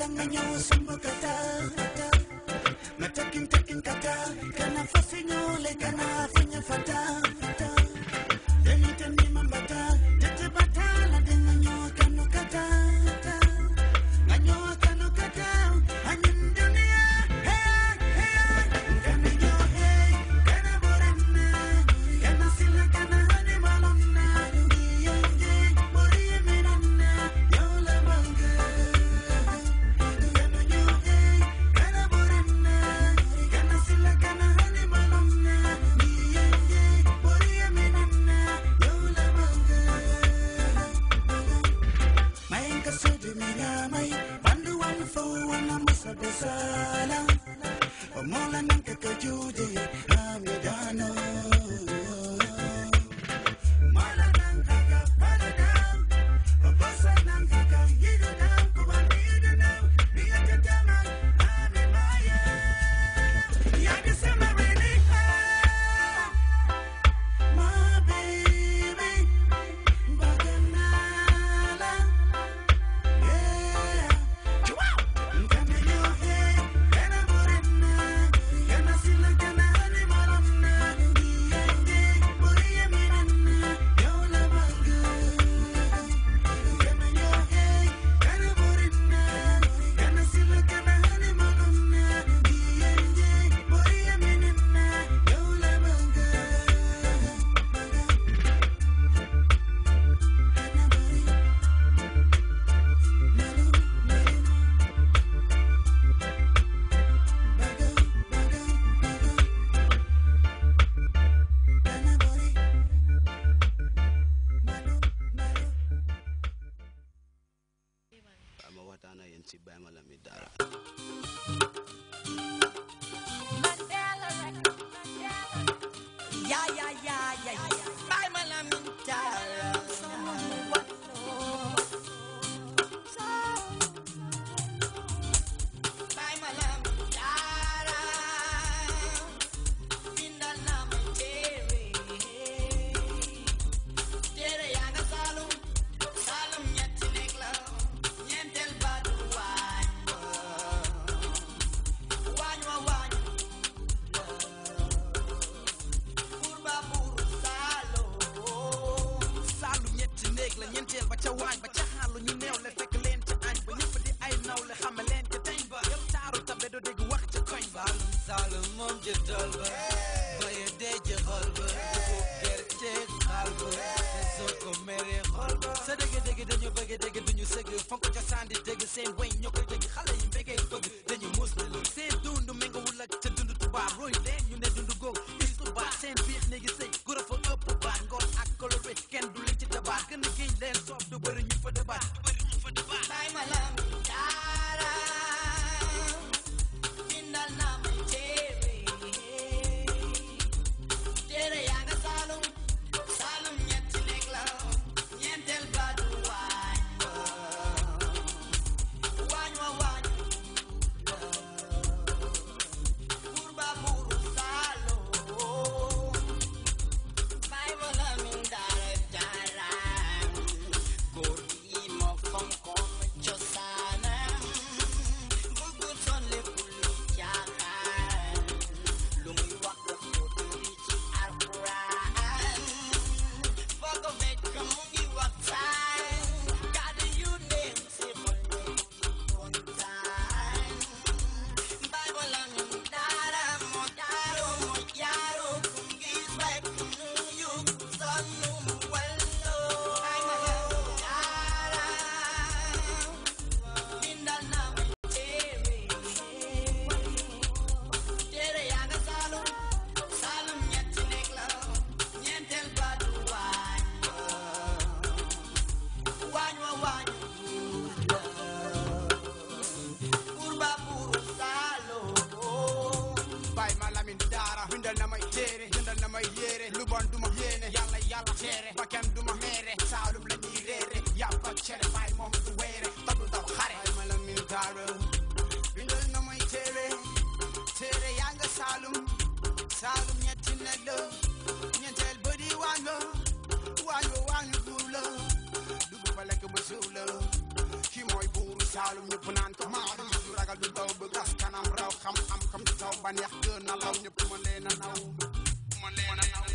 la nga ñëw sumb kata nga takkin takkin kata kana fasiñoo le kana faña fata fata saalum moom jëndal ba baye dee ci xol ba dafa gerte xaal ba te soo ko meree xol ba sa dëgg dëgg dañu bëgg dëgg duñu sëgg fonk cosaan di dëgg seen weñ ñoo ko Saalum ñëpp naan ko maam du ragal du daw bëgg kanam raw xam-xam xam du taw baneex gën a law ñëpp mën leen naw mën leen naw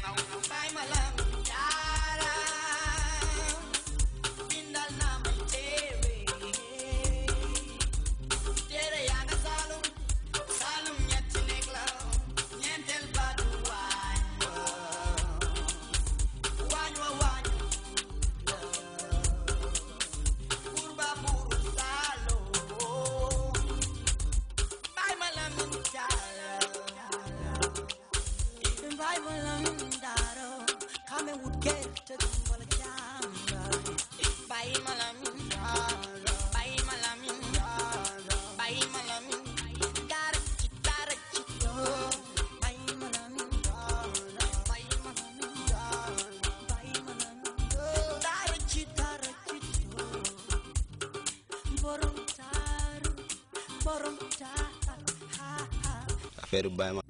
affaire bi bàyyi ma